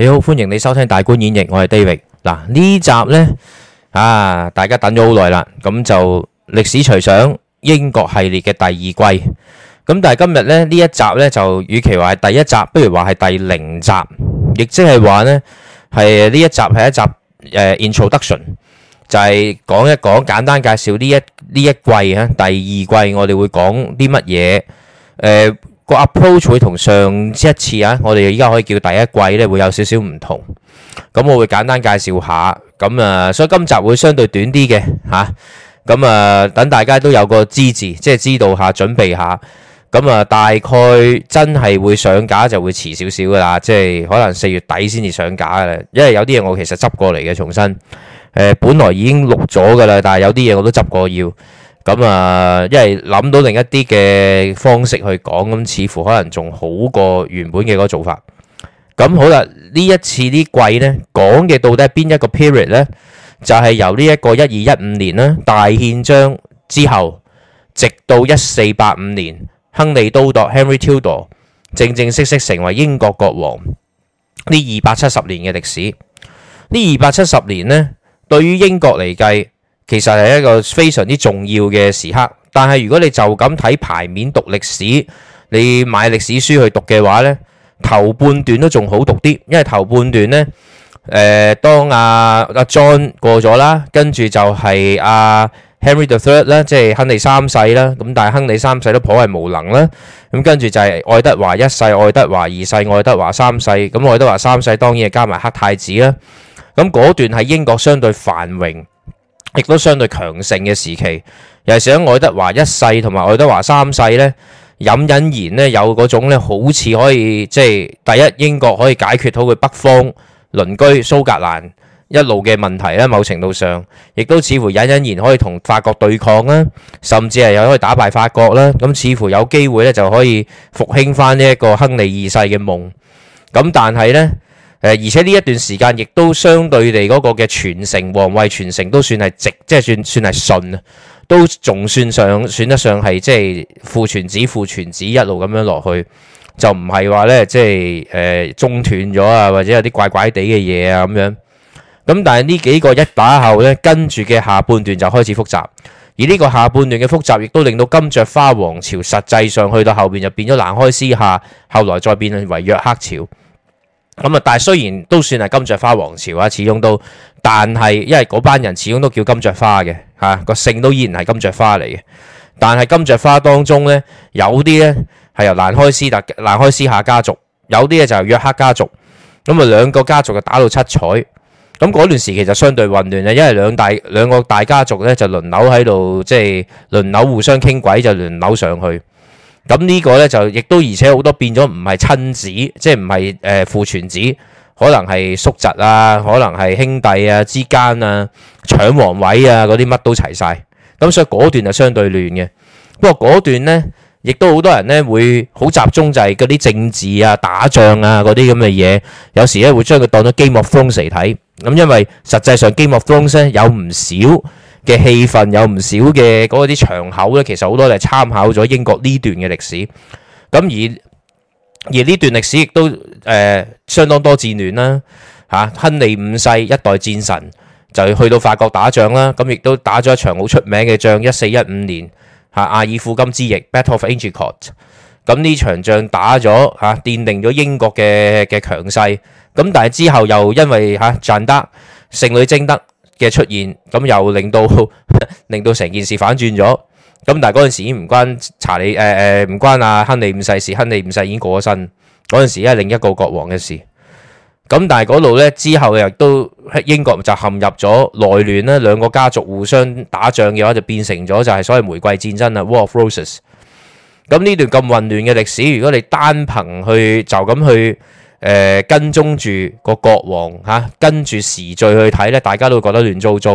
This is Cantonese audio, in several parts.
你好，歡迎你收聽大觀演繹，我係 David。嗱呢集呢啊，大家等咗好耐啦，咁就歷史隨想英國系列嘅第二季。咁但係今日呢呢一集呢就與其話係第一集，不如話係第零集，亦即係話呢係呢一集係一集誒 introduction，就係講一講簡單介紹呢一呢一季啊，第二季我哋會講啲乜嘢誒。個 approach 會同上一次啊，我哋依家可以叫第一季咧會有少少唔同，咁我會簡單介紹下，咁啊，所以今集會相對短啲嘅，吓，咁啊等大家都有個資治，即係知道下，準備下，咁啊大概真係會上架就會遲少少噶啦，即係可能四月底先至上架噶啦，因為有啲嘢我其實執過嚟嘅，重新，誒、呃、本來已經錄咗噶啦，但係有啲嘢我都執過要。咁啊，因為諗到另一啲嘅方式去講，咁似乎可能仲好過原本嘅嗰個做法。咁好啦，呢一次呢季呢講嘅到底係邊一個 period 呢？就係由呢一個一二一五年啦，大憲章之後，直到一四八五年亨利都鐸 Henry Tudor 正正式式成為英國國王，呢二百七十年嘅歷史。呢二百七十年呢，對於英國嚟計。其實係一個非常之重要嘅時刻，但係如果你就咁睇牌面、讀歷史，你買歷史書去讀嘅話咧，頭半段都仲好讀啲，因為頭半段咧，誒當阿阿 John 過咗啦，跟住就係阿 Henry the Third 啦，即係亨利三世啦，咁但係亨利三世都頗為無能啦，咁跟住就係愛德華一世、愛德華二世、愛德華三世，咁愛德華三世當然係加埋黑太子啦，咁嗰段喺英國相對繁榮。亦都相對強盛嘅時期，尤其是喺愛德華一世同埋愛德華三世呢。隱隱然呢，有嗰種咧，好似可以即係、就是、第一英國可以解決到佢北方鄰居蘇格蘭一路嘅問題呢，某程度上亦都似乎隱隱然可以同法國對抗啦，甚至係又可以打敗法國啦，咁似乎有機會呢，就可以復興翻呢一個亨利二世嘅夢。咁但係呢。誒，而且呢一段時間亦都相對地嗰個嘅傳承，皇位傳承都算係直，即係算算係順啊，都仲算上算得上係即係父傳子父傳子一路咁樣落去，就唔係話呢，即係誒中斷咗啊，或者有啲怪怪地嘅嘢啊咁樣。咁但係呢幾個一打後呢，跟住嘅下半段就開始複雜，而呢個下半段嘅複雜亦都令到金雀花王朝實際上去到後邊就變咗蘭開斯特，後來再變為約克朝。咁啊、嗯！但係雖然都算係金雀花王朝啊，始終都，但係因為嗰班人始終都叫金雀花嘅，吓、啊、個姓都依然係金雀花嚟嘅。但係金雀花當中呢，有啲呢係由蘭開斯特、蘭開斯夏家族，有啲呢就由約克家族。咁、嗯、啊，兩個家族就打到七彩。咁、嗯、嗰段時期就相對混亂啊，因為兩大兩個大家族呢就輪流喺度，即係輪流互相傾偈，就輪流上去。咁呢個咧就亦都而且好多變咗唔係親子，即係唔係誒父傳子，可能係叔侄啊，可能係兄弟啊之間啊，搶皇位啊嗰啲乜都齊曬。咁所以嗰段係相對亂嘅。不過嗰段咧，亦都好多人咧會好集中就係嗰啲政治啊、打仗啊嗰啲咁嘅嘢，有時咧會將佢當咗 Game of Thrones 嚟睇。咁因為實際上 Game of Thrones 有唔少。嘅氣氛有唔少嘅嗰個啲場口咧，其實好多都係參考咗英國呢段嘅歷史。咁而而呢段歷史亦都誒相當多戰亂啦。嚇亨利五世一代戰神就去到法國打仗啦。咁亦都打咗一場好出名嘅仗，一四一五年嚇阿爾富金之役 （Battle of Agincourt）。咁呢場仗打咗嚇，奠定咗英國嘅嘅強勢。咁但係之後又因為嚇賺得勝女征得。嘅出現，咁又令到令到成件事反轉咗。咁但係嗰陣時已經唔關查理，誒誒唔關阿亨利五世事，亨利五世已經過咗身。嗰陣時咧係另一個國王嘅事。咁但係嗰度咧之後又都英國就陷入咗內亂啦，兩個家族互相打仗嘅話就變成咗就係所謂玫瑰戰爭啦，War of Roses。咁呢段咁混亂嘅歷史，如果你單憑去就咁去。誒，跟蹤住個國王嚇，跟住時序去睇咧，大家都會覺得亂糟糟。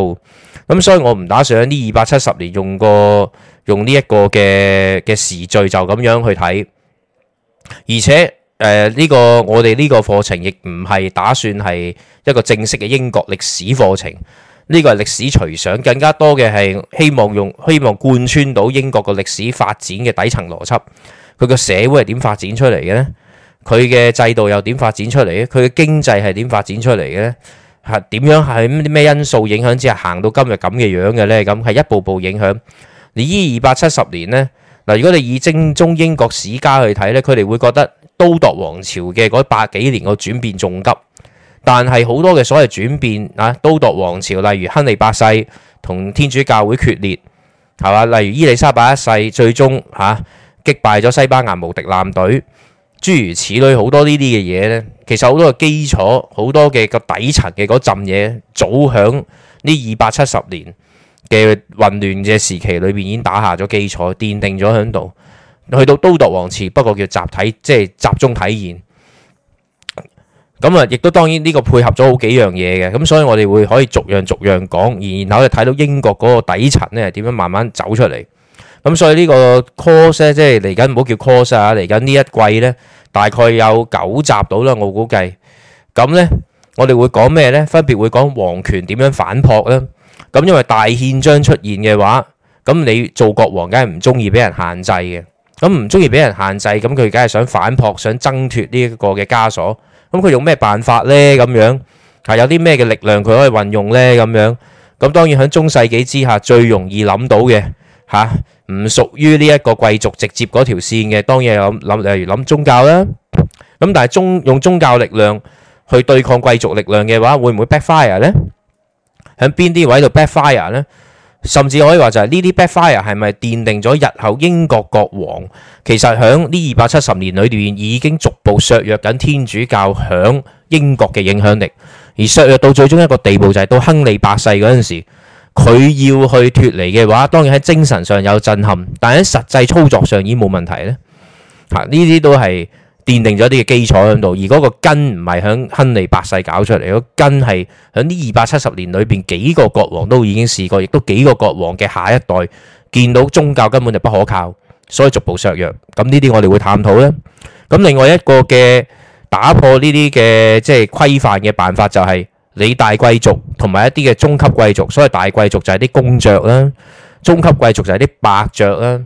咁所以，我唔打算呢二百七十年用，用個用呢一個嘅嘅時序就咁樣去睇。而且，這個，誒呢個我哋呢個課程亦唔係打算係一個正式嘅英國歷史課程。呢個係歷史隨想，更加多嘅係希望用希望貫穿到英國個歷史發展嘅底層邏輯。佢個社會係點發展出嚟嘅呢？佢嘅制度又點發展出嚟咧？佢嘅經濟係點發展出嚟嘅咧？係點樣喺咩因素影響之下行到今日咁嘅樣嘅咧？咁係一步步影響。你依二百七十年呢？嗱，如果你以正宗英國史家去睇呢，佢哋會覺得都鐸王朝嘅嗰百幾年個轉變仲急，但係好多嘅所謂轉變啊，都鐸王朝，例如亨利八世同天主教會決裂，係嘛？例如伊麗莎白一世最終嚇、啊、擊敗咗西班牙無敵艦隊。諸如此類好多呢啲嘅嘢呢，其實好多個基礎，好多嘅個底層嘅嗰陣嘢，早喺呢二百七十年嘅混亂嘅時期裏面已經打下咗基礎，奠定咗喺度。去到都鐸王朝，不過叫集體，即係集中體現。咁啊，亦都當然呢個配合咗好幾樣嘢嘅，咁所以我哋會可以逐樣逐樣講，然後就睇到英國嗰個底層咧點樣慢慢走出嚟。咁所以呢個 course 咧，即係嚟緊唔好叫 course 啊，嚟緊呢一季呢。大概有九集到啦，我估計。咁呢，我哋會講咩呢？分別會講王權點樣反撲呢？咁因為大憲章出現嘅話，咁你做國王梗係唔中意俾人限制嘅。咁唔中意俾人限制，咁佢梗係想反撲，想爭脫呢一個嘅枷鎖。咁佢用咩辦法呢？咁樣嚇有啲咩嘅力量佢可以運用呢？咁樣咁當然喺中世紀之下最容易諗到嘅嚇。唔屬於呢一個貴族直接嗰條線嘅，當然有諗諗，例如諗宗教啦。咁但係宗用宗教力量去對抗貴族力量嘅話，會唔會 backfire 呢？喺邊啲位度 backfire 呢？甚至可以話就係呢啲 backfire 係咪奠定咗日後英國國王其實喺呢二百七十年裏面已經逐步削弱緊天主教響英國嘅影響力，而削弱到最終一個地步就係到亨利八世嗰陣時。佢要去脫離嘅話，當然喺精神上有震撼，但喺實際操作上已經冇問題咧。嚇，呢啲都係奠定咗啲嘅基礎喺度，而嗰個根唔係響亨利八世搞出嚟，個根係響呢二百七十年裏邊幾個國王都已經試過，亦都幾個國王嘅下一代見到宗教根本就不可靠，所以逐步削弱。咁呢啲我哋會探討咧。咁另外一個嘅打破呢啲嘅即係規範嘅辦法就係、是。你大貴族同埋一啲嘅中級貴族，所謂大貴族就係啲公爵啦，中級貴族就係啲伯爵啦。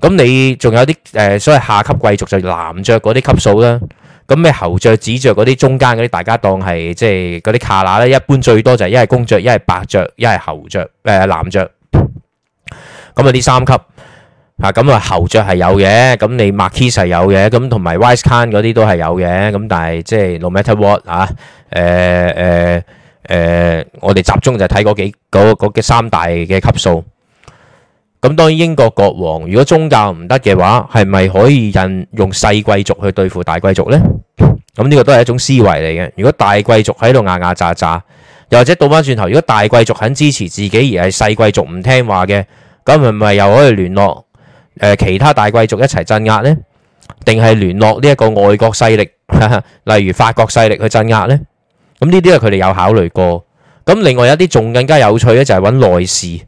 咁你仲有啲誒，所謂下級貴族就係男爵嗰啲級數啦。咁咩侯爵、子爵嗰啲中間嗰啲，大家當係即係嗰啲下那咧。一般最多就係一係公爵，一係伯爵，一係侯爵，誒男爵。咁啊，呢三級。啊，咁啊，侯爵係有嘅，咁你 markis 係有嘅，咁同埋 wiscon 嗰啲都係有嘅，咁但係即係 no matter what 啊，誒誒誒，我哋集中就睇嗰幾嗰嗰嘅三大嘅級數。咁當然英國國王如果宗教唔得嘅話，係咪可以用用細貴族去對付大貴族咧？咁呢個都係一種思維嚟嘅。如果大貴族喺度牙牙咋咋，又或者倒翻轉頭，如果大貴族肯支持自己而係細貴族唔聽話嘅，咁係咪又可以聯絡？誒，其他大貴族一齊鎮壓咧，定係聯絡呢一個外國勢力，例如法國勢力去鎮壓咧？咁呢啲係佢哋有考慮過。咁另外一啲仲更加有趣咧，就係揾內侍。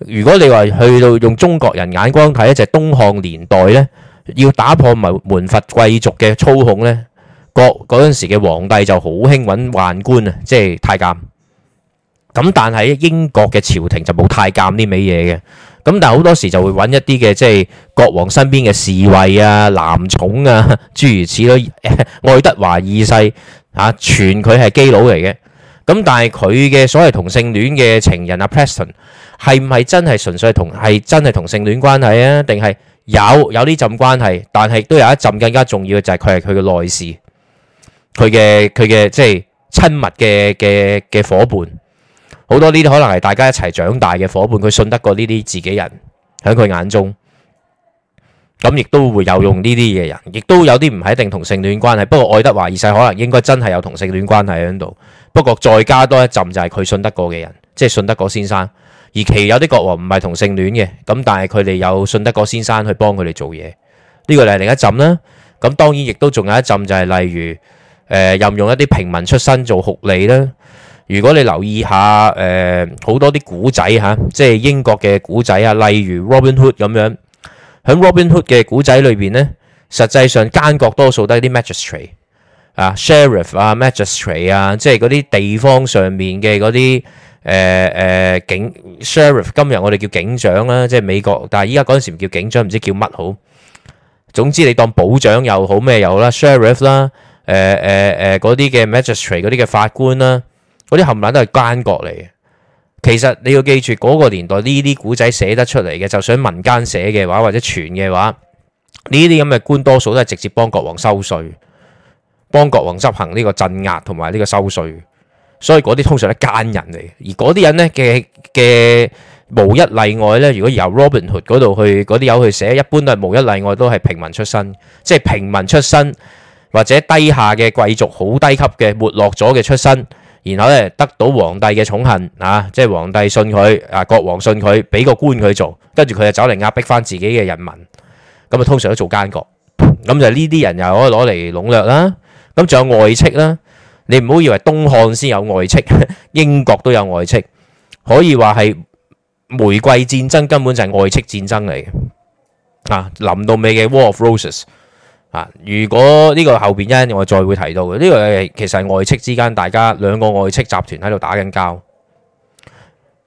如果你話去到用中國人眼光睇咧，就係東漢年代咧，要打破埋門閥貴族嘅操控咧，咁嗰陣時嘅皇帝就好興揾宦官啊，即係太監。咁但係英國嘅朝廷就冇太監呢味嘢嘅。咁但係好多時就會揾一啲嘅，即係國王身邊嘅侍衛啊、男寵啊，諸如此類。誒，愛德華二世嚇傳佢係基佬嚟嘅。咁但係佢嘅所謂同性戀嘅情人阿 Preston 係唔係真係純粹同係真係同性戀關係啊？定係有有啲陣關係，但係都有一陣更加重要嘅就係佢係佢嘅內侍，佢嘅佢嘅即係親密嘅嘅嘅夥伴。好多呢啲可能係大家一齊長大嘅夥伴，佢信得過呢啲自己人喺佢眼中，咁亦都會有用呢啲嘅人，亦都有啲唔係一定同性戀關係。不過愛德華二世可能應該真係有同性戀關係喺度，不過再加多一浸就係佢信得過嘅人，即係信得過先生。而其有啲國王唔係同性戀嘅，咁但係佢哋有信得過先生去幫佢哋做嘢，呢個係另一浸啦。咁當然亦都仲有一浸就係例如誒任用一啲平民出身做酷吏啦。如果你留意下，誒、呃、好多啲古仔嚇，即係英國嘅古仔啊，例如 Robin Hood 咁樣。喺 Robin Hood 嘅古仔裏邊咧，實際上奸角多數都係啲 magistrate 啊、sheriff 啊、magistrate 啊，即係嗰啲地方上面嘅嗰啲誒誒警 sheriff。今日我哋叫警長啦，即係美國，但係依家嗰陣時唔叫警長，唔知叫乜好。總之你當保長又好咩又好啦 sheriff 啦、啊，誒、啊、誒誒、啊、嗰啲嘅 magistrate 嗰啲嘅法官啦。嗰啲冚唪唥都係奸國嚟嘅。其實你要記住，嗰、那個年代呢啲古仔寫得出嚟嘅，就算民間寫嘅話，或者傳嘅話，呢啲咁嘅官多數都係直接幫國王收稅，幫國王執行呢個鎮壓同埋呢個收稅。所以嗰啲通常係奸人嚟，而嗰啲人呢嘅嘅無一例外呢，如果由 Robinhood 嗰度去嗰啲友去寫，一般都係無一例外都係平民出身，即、就、係、是、平民出身或者低下嘅貴族，好低級嘅沒落咗嘅出身。然後咧，得到皇帝嘅寵幸啊，即係皇帝信佢，啊國王信佢，俾個官佢做，跟住佢就走嚟壓迫翻自己嘅人民，咁啊通常都做奸角，咁就呢啲人又可以攞嚟籠絡啦，咁仲有外戚啦，你唔好以為東漢先有外戚，英國都有外戚，可以話係玫瑰戰爭根本就係外戚戰爭嚟嘅，啊臨到尾嘅 War of Roses。啊！如果呢個後邊因我再會提到嘅呢個，其實係外戚之間大家兩個外戚集團喺度打緊交。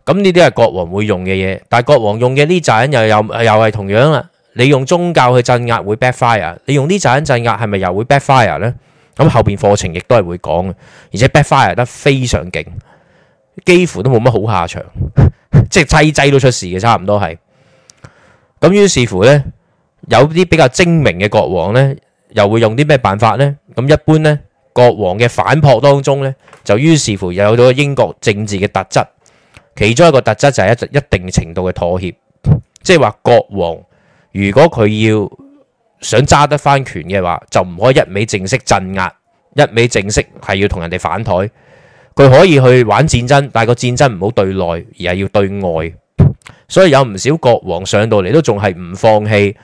咁呢啲係國王會用嘅嘢，但係國王用嘅呢啲責任又又又係同樣啦。你用宗教去鎮壓會 backfire，你用呢責任鎮壓係咪又會 backfire 咧？咁後邊課程亦都係會講嘅，而且 backfire 得非常勁，幾乎都冇乜好下場， 即係擠擠都出事嘅，差唔多係。咁於是乎咧。有啲比較精明嘅國王呢，又會用啲咩辦法呢？咁一般呢，國王嘅反撲當中呢，就於是乎有咗英國政治嘅特質，其中一個特質就係一一定程度嘅妥協，即係話國王如果佢要想揸得翻權嘅話，就唔可以一味正式鎮壓，一味正式係要同人哋反台，佢可以去玩戰爭，但係個戰爭唔好對內，而係要對外，所以有唔少國王上到嚟都仲係唔放棄。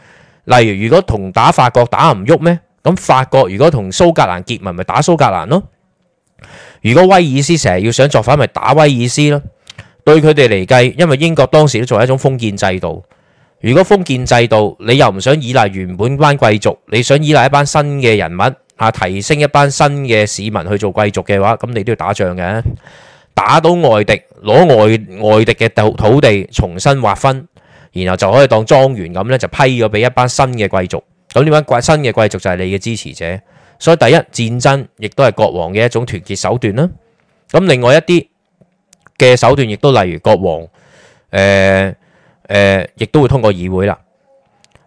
例如，如果同打法國打唔喐咩？咁法國如果同蘇格蘭結盟，咪打蘇格蘭咯。如果威爾斯成日要想作反，咪打威爾斯咯。對佢哋嚟計，因為英國當時都作為一種封建制度。如果封建制度，你又唔想依賴原本班貴族，你想依賴一班新嘅人物啊，提升一班新嘅市民去做貴族嘅話，咁你都要打仗嘅，打到外敵攞外外敵嘅土土地重新劃分。然後就可以當莊園咁咧，就批咗俾一班新嘅貴族。咁呢班新嘅貴族就係你嘅支持者。所以第一，戰爭亦都係國王嘅一種團結手段啦。咁另外一啲嘅手段亦都例如國王，誒、呃、誒，亦、呃、都會通過議會啦。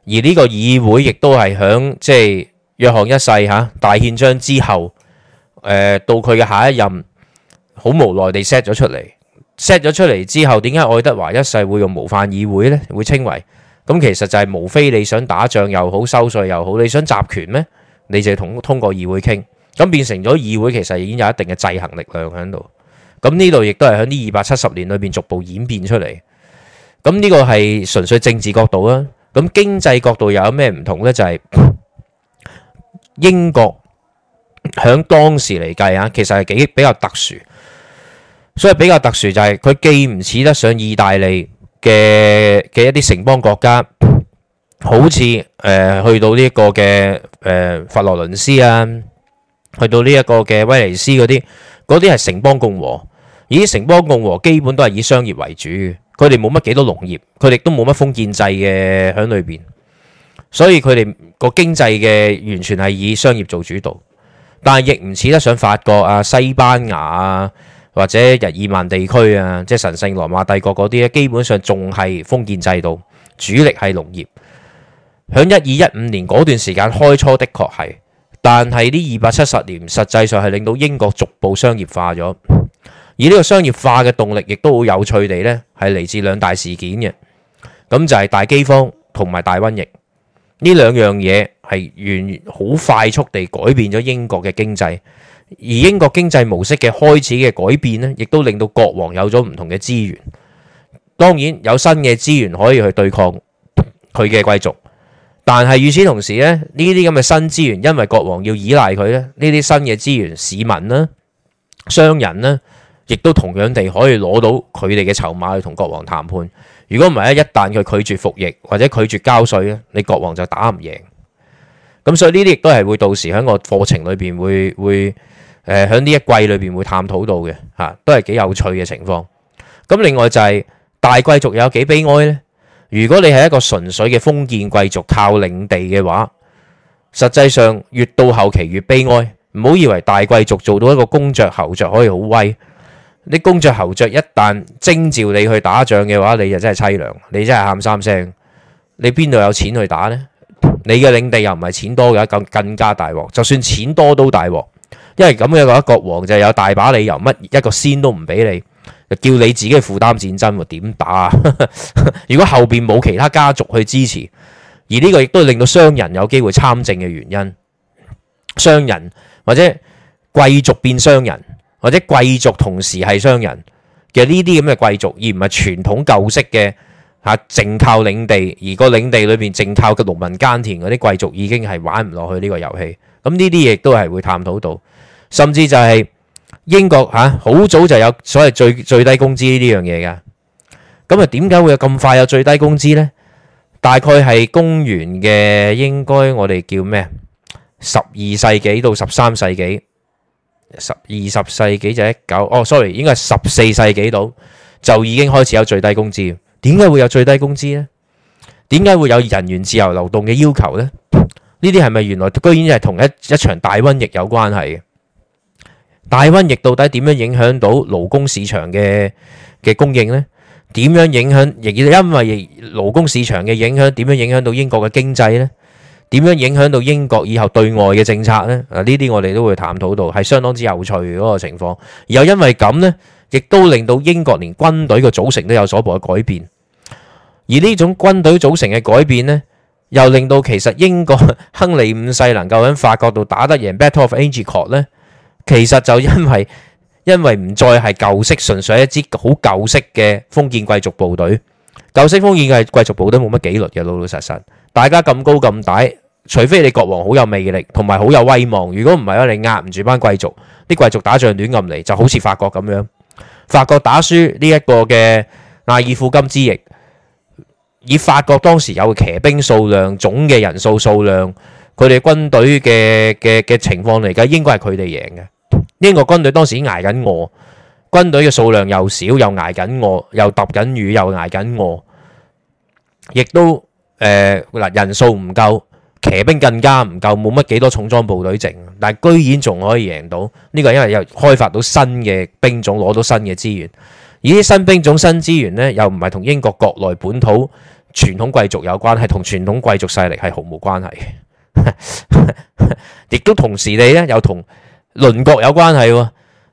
而呢個議會亦都係響即係約翰一世吓大憲章之後，誒、呃、到佢嘅下一任，好無奈地 set 咗出嚟。set 咗出嚟之後，點解愛德華一世會用模範議會呢？會稱為咁，其實就係無非你想打仗又好，收稅又好，你想集權咩？你就同通過議會傾，咁變成咗議會其實已經有一定嘅制衡力量喺度。咁呢度亦都係喺呢二百七十年裏邊逐步演變出嚟。咁呢個係純粹政治角度啦。咁經濟角度又有咩唔同呢？就係英國響當時嚟計啊，其實係幾比較特殊。所以比較特殊就係佢既唔似得上意大利嘅嘅一啲城邦國家，好似誒、呃、去到呢一個嘅誒、呃、佛羅倫斯啊，去到呢一個嘅威尼斯嗰啲嗰啲係城邦共和，而城邦共和基本都係以商業為主，佢哋冇乜幾多農業，佢哋都冇乜封建制嘅響裏邊，所以佢哋個經濟嘅完全係以商業做主導，但係亦唔似得上法國啊、西班牙啊。或者日耳曼地區啊，即係神聖羅馬帝國嗰啲咧，基本上仲係封建制度，主力係農業。響一二一五年嗰段時間開初，的確係，但係呢二百七十年實際上係令到英國逐步商業化咗。而呢個商業化嘅動力，亦都好有趣地呢，係嚟自兩大事件嘅。咁就係大饑荒同埋大瘟疫，呢兩樣嘢係完好快速地改變咗英國嘅經濟。而英國經濟模式嘅開始嘅改變呢，亦都令到國王有咗唔同嘅資源。當然有新嘅資源可以去對抗佢嘅貴族，但係與此同時咧，呢啲咁嘅新資源，因為國王要依賴佢咧，呢啲新嘅資源，市民啦、啊、商人啦、啊，亦都同樣地可以攞到佢哋嘅籌碼去同國王談判。如果唔係，一旦佢拒絕服役或者拒絕交稅呢，你國王就打唔贏。咁所以呢啲亦都係會到時喺個課程裏邊會會。會誒喺呢一季裏邊會探討到嘅吓，都係幾有趣嘅情況。咁另外就係、是、大貴族有幾悲哀呢？如果你係一個純粹嘅封建貴族靠領地嘅話，實際上越到後期越悲哀。唔好以為大貴族做到一個公爵侯爵可以好威，你公爵侯爵一旦徵召你去打仗嘅話，你就真係淒涼，你真係喊三聲，你邊度有錢去打呢？你嘅領地又唔係錢多嘅，更更加大鑊。就算錢多都大鑊。因為咁嘅話國王就有大把理由，乜一個先都唔俾你，就叫你自己負擔戰爭，點打啊？ 如果後邊冇其他家族去支持，而呢個亦都令到商人有機會參政嘅原因，商人或者貴族變商人，或者貴族同時係商人嘅呢啲咁嘅貴族，而唔係傳統舊式嘅吓淨靠領地，而個領地裏邊淨靠嘅農民耕田嗰啲貴族已經係玩唔落去呢個遊戲。咁呢啲亦都係會探討到。甚至就係英國嚇，好早就有所謂最最低工資呢樣嘢㗎。咁啊，點解會有咁快有最低工資呢？大概係公元嘅，應該我哋叫咩？十二世紀到十三世紀，十二十世紀就一九哦，sorry，應該係十四世紀度就已經開始有最低工資。點解會有最低工資呢？點解會有人員自由流動嘅要求呢？呢啲係咪原來居然係同一一場大瘟疫有關係嘅？大瘟疫到底點樣影響到勞工市場嘅嘅供應咧？點樣影響？亦因為勞工市場嘅影響，點樣影響到英國嘅經濟咧？點樣影響到英國以後對外嘅政策咧？啊，呢啲我哋都會探討到，係相當之有趣嗰個情況。又因為咁咧，亦都令到英國連軍隊嘅組成都有所改改變。而呢種軍隊組成嘅改變咧，又令到其實英國亨利五世能夠喺法國度打得贏 Battle of Agincourt 咧。其實就因為因為唔再係舊式，純粹一支好舊式嘅封建貴族部隊。舊式封建嘅貴族部隊冇乜紀律嘅，老老實實，大家咁高咁大，除非你國王好有魅力同埋好有威望。如果唔係啊，你壓唔住班貴族，啲貴族打仗亂咁嚟，就好似法國咁樣。法國打輸呢一個嘅拿爾富金之役，以法國當時有騎兵數量、總嘅人數數量，佢哋軍隊嘅嘅嘅情況嚟講，應該係佢哋贏嘅。英國軍隊當時挨緊餓，軍隊嘅數量又少，又挨緊餓，又揼緊雨，又挨緊餓，亦都誒嗱人數唔夠，騎兵更加唔夠，冇乜幾多重裝部隊剩，但係居然仲可以贏到呢個，因為又開發到新嘅兵種，攞到新嘅資源，而啲新兵種、新資源咧又唔係同英國國內本土傳統貴族有關，係同傳統貴族勢力係毫無關係，亦都同時地咧又同。鄰國有關係喎，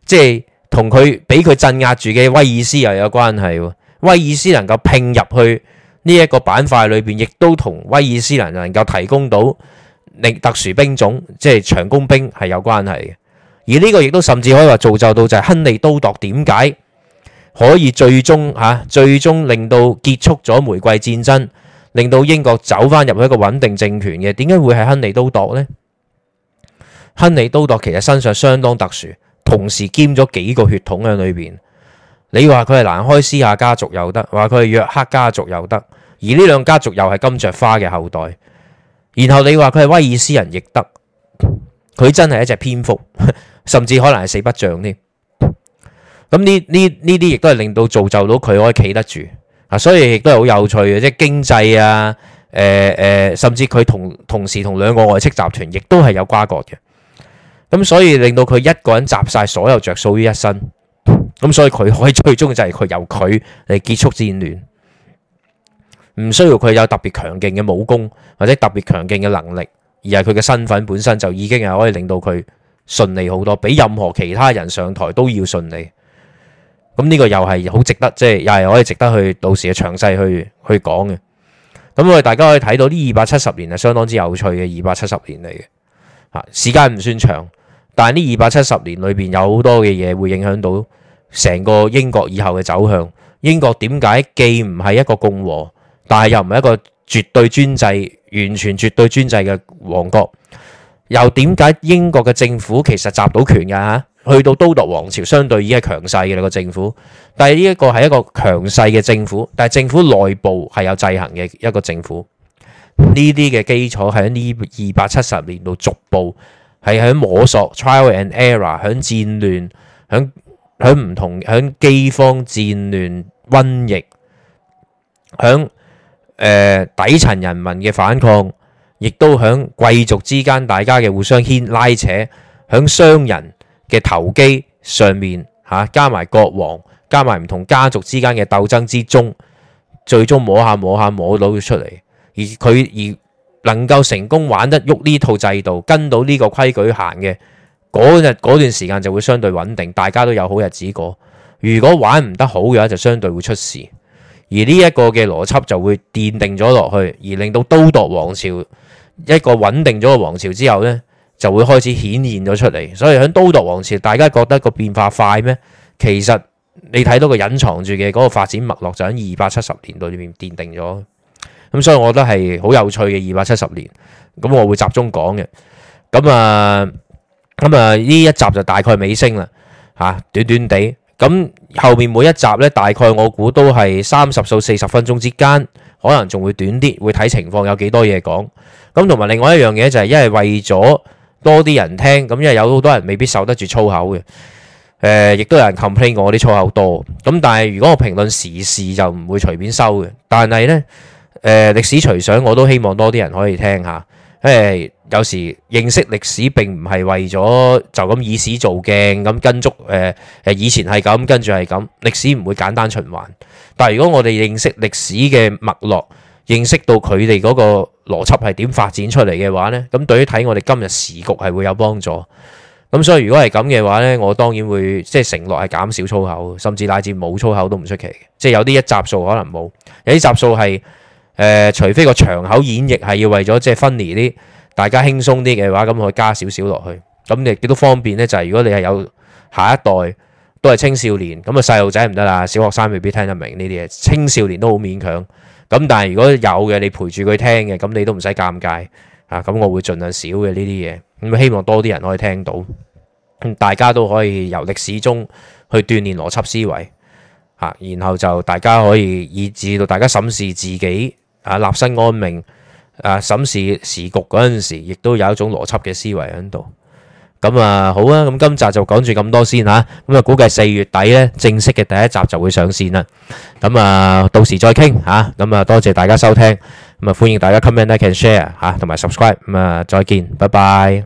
即係同佢俾佢鎮壓住嘅威爾斯又有關係喎。威爾斯能夠拼入去呢一個板塊裏邊，亦都同威爾斯能能夠提供到另特殊兵種，即係長弓兵係有關係嘅。而呢個亦都甚至可以話造就到就係亨利都鐸點解可以最終吓、啊，最終令到結束咗玫瑰戰爭，令到英國走翻入去一個穩定政權嘅，點解會係亨利都鐸呢？亨利都鐸其實身上相當特殊，同時兼咗幾個血統喺裏邊。你話佢係蘭開斯亞家族又得，話佢係約克家族又得，而呢兩家族又係金雀花嘅後代。然後你話佢係威爾斯人亦得，佢真係一隻蝙蝠，甚至可能係四不像添。咁呢呢呢啲亦都係令到造就到佢可以企得住啊，所以亦都係好有趣嘅，即係經濟啊，誒、呃、誒、呃，甚至佢同同時同兩個外戚集團亦都係有瓜葛嘅。咁所以令到佢一個人集晒所有着數於一身，咁所以佢可以最終就係佢由佢嚟結束戰亂，唔需要佢有特別強勁嘅武功或者特別強勁嘅能力，而係佢嘅身份本身就已經係可以令到佢順利好多，比任何其他人上台都要順利。咁呢個又係好值得，即係又係可以值得去到時嘅詳細去去講嘅。咁我哋大家可以睇到呢二百七十年係相當之有趣嘅二百七十年嚟嘅，啊，時間唔算長。但係呢二百七十年裏邊有好多嘅嘢會影響到成個英國以後嘅走向。英國點解既唔係一個共和，但係又唔係一個絕對專制、完全絕對專制嘅王國？又點解英國嘅政府其實集到權嘅㗎？去到都鐸王朝，相對已經係強勢嘅啦、這個政府。但係呢一個係一個強勢嘅政府，但係政府內部係有制衡嘅一個政府。呢啲嘅基礎喺呢二百七十年度逐步。係喺摸索 trial and error，喺戰亂，喺喺唔同，喺饑荒、戰亂、瘟疫，喺誒、呃、底層人民嘅反抗，亦都喺貴族之間大家嘅互相牽拉扯，喺商人嘅投機上面嚇，加埋國王，加埋唔同家族之間嘅鬥爭之中，最終摸下摸下摸下摸到佢出嚟，而佢而。能夠成功玩得喐呢套制度，跟到呢個規矩行嘅嗰日嗰段時間就會相對穩定，大家都有好日子過。如果玩唔得好嘅話，就相對會出事。而呢一個嘅邏輯就會奠定咗落去，而令到都鐸王朝一個穩定咗嘅王朝之後呢，就會開始顯現咗出嚟。所以喺都鐸王朝，大家覺得個變化快咩？其實你睇到個隱藏住嘅嗰個發展脈絡就，就喺二百七十年代裏面奠定咗。咁所以，我覺得係好有趣嘅二百七十年。咁我會集中講嘅。咁啊，咁啊，呢一集就大概尾聲啦，嚇、啊、短短地。咁後面每一集呢，大概我估都係三十到四十分鐘之間，可能仲會短啲，會睇情況有幾多嘢講。咁同埋另外一樣嘢就係、是，因為為咗多啲人聽，咁因為有好多人未必受得住粗口嘅。誒、呃，亦都有人 complain 我啲粗口多。咁但係如果我評論時事就唔會隨便收嘅，但係呢。誒、呃、歷史隨想，我都希望多啲人可以聽下。誒、欸、有時認識歷史並唔係為咗就咁以史做鏡咁跟足。誒、呃、誒以前係咁，跟住係咁，歷史唔會簡單循環。但係如果我哋認識歷史嘅脈絡，認識到佢哋嗰個邏輯係點發展出嚟嘅話呢，咁對於睇我哋今日時局係會有幫助。咁所以如果係咁嘅話呢，我當然會即係承諾係減少粗口，甚至乃至冇粗口都唔出奇。即係有啲一集數可能冇，有啲集數係。誒、呃，除非個場口演繹係要為咗即係分離啲大家輕鬆啲嘅話，咁可以加少少落去。咁亦都方便呢就係、是、如果你係有下一代都係青少年，咁啊細路仔唔得啦，小學生未必聽得明呢啲嘢。青少年都好勉強。咁但係如果有嘅，你陪住佢聽嘅，咁你都唔使尷尬啊。咁我會盡量少嘅呢啲嘢。咁、啊、希望多啲人可以聽到、嗯，大家都可以由歷史中去鍛鍊邏輯思維啊。然後就大家可以以至到大家審視自己。啊立身安命，啊審視時局嗰陣時，亦都有一種邏輯嘅思維喺度。咁啊好啊，咁今集就講住咁多先嚇。咁啊，估計四月底咧，正式嘅第一集就會上線啦。咁啊，到時再傾嚇。咁啊，多謝大家收聽。咁啊，歡迎大家 comment、like、and share 嚇，同埋 subscribe。咁啊，再見，拜拜。